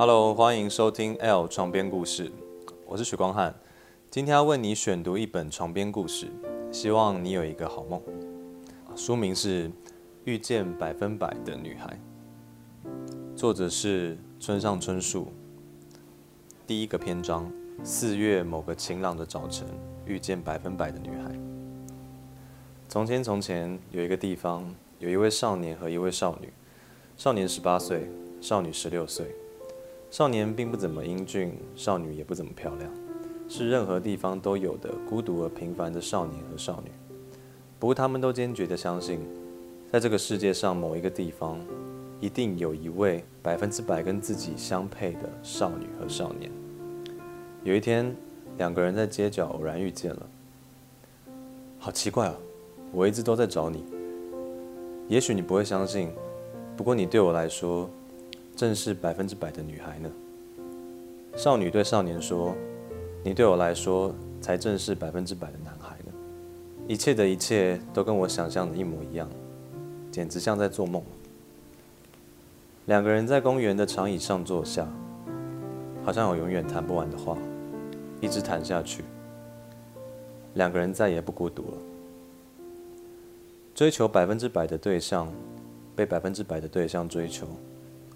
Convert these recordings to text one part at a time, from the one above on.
Hello，歡迎收聽《L 床邊故事》，我是許光漢。今天要為你選讀一本床邊故事，希望你有一個好夢。書名是《遇見百分百的女孩》，作者是村上春樹。第一個篇章：四月某個晴朗的早晨，遇見百分百的女孩。從前，從前有一個地方，有一位少年和一位少女，少年十八歲，少女十六歲。少年並不怎麼英俊，少女也不怎麼漂亮，是任何地方都有的孤獨而平凡的少年和少女。不過，他們都堅決地相信，在這個世界上某一個地方，一定有一位百分之百跟自己相配的少女和少年。有一天，兩個人在街角偶然遇見了。好奇怪啊，我一直都在找你。也許你不會相信，不過你對我來說。正是百分之百的女孩呢。少女對少年說：“你對我來說，才正是百分之百的男孩呢。一切的一切都跟我想象的一模一樣，簡直像在做夢。”兩個人在公園的長椅上坐下，好像有永遠談不完的話，一直談下去。兩個人再也不孤獨了。追求百分之百的對象，被百分之百的對象追求。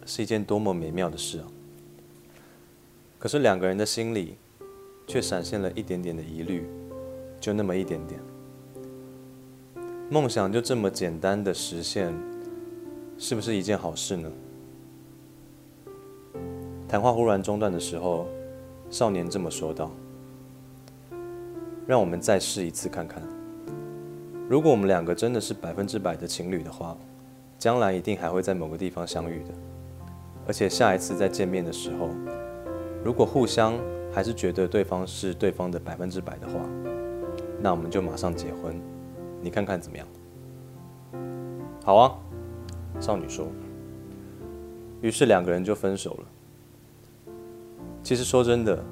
是一件多麼美妙的事啊！可是兩個人的心裡，卻閃現了一點點的疑慮，就那麼一點點。夢想就這麼簡單的實現，是不是一件好事呢？談話忽然中斷的時候，少年這麼說道：“讓我們再試一次看看。如果我們兩個真的是百分之百的情侶的話，將來一定還會在某個地方相遇的。”而且下一次再見面的時候，如果互相還是覺得對方是對方的百分之百的話，那我們就馬上結婚，你看看怎麼樣？好啊，少女說。於是兩個人就分手了。其實說真的，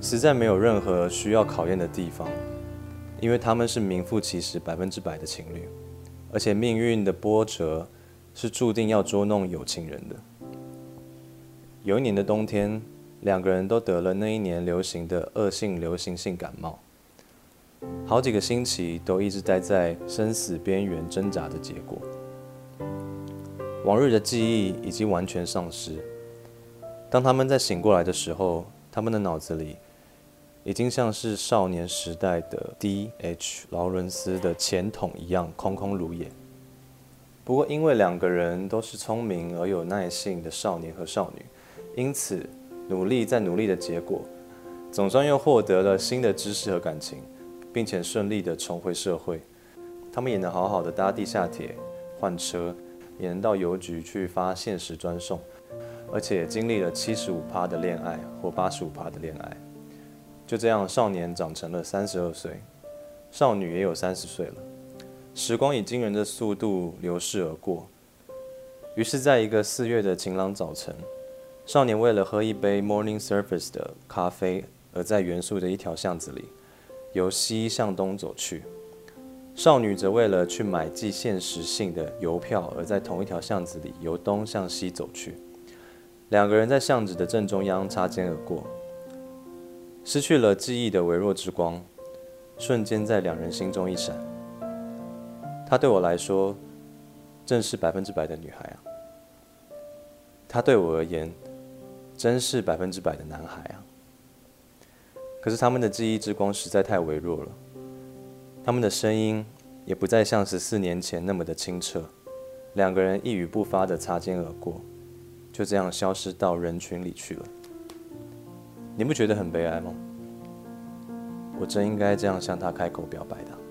實在沒有任何需要考驗的地方，因為他們是名副其實百分之百的情侶，而且命運的波折是注定要捉弄有情人的。有一年的冬天，兩個人都得了那一年流行的惡性流行性感冒，好幾個星期都一直待在生死邊緣掙扎的結果。往日的記憶已經完全喪失。當他們在醒過來的時候，他們的腦子裡已經像是少年時代的 D.H. 勞倫斯的錢筒一樣空空如也。不過，因為兩個人都是聰明而有耐性的少年和少女。因此，努力再努力的結果，總算又獲得了新的知識和感情，並且順利地重回社會。他們也能好好的搭地下鐵、換車，也能到郵局去發限時專送，而且也經歷了七十五趴的戀愛或八十五趴的戀愛。就這樣，少年長成了三十二歲，少女也有三十歲了。時光以驚人的速度流逝而過，於是，在一個四月的晴朗早晨。少年為了喝一杯 Morning Service 的咖啡，而在原宿的一條巷子裡由西向東走去；少女則為了去買寄現實性的郵票，而在同一條巷子裡由東向西走去。兩個人在巷子的正中央擦肩而過，失去了記憶的微弱之光，瞬間在兩人心中一閃。她對我來說，正是百分之百的女孩啊。她對我而言。真是百分之百的男孩啊！可是他們的記憶之光實在太微弱了，他們的聲音也不再像十四年前那麼的清澈。兩個人一語不發地擦肩而過，就這樣消失到人群裡去了。你不覺得很悲哀嗎？我真應該這樣向他開口表白的。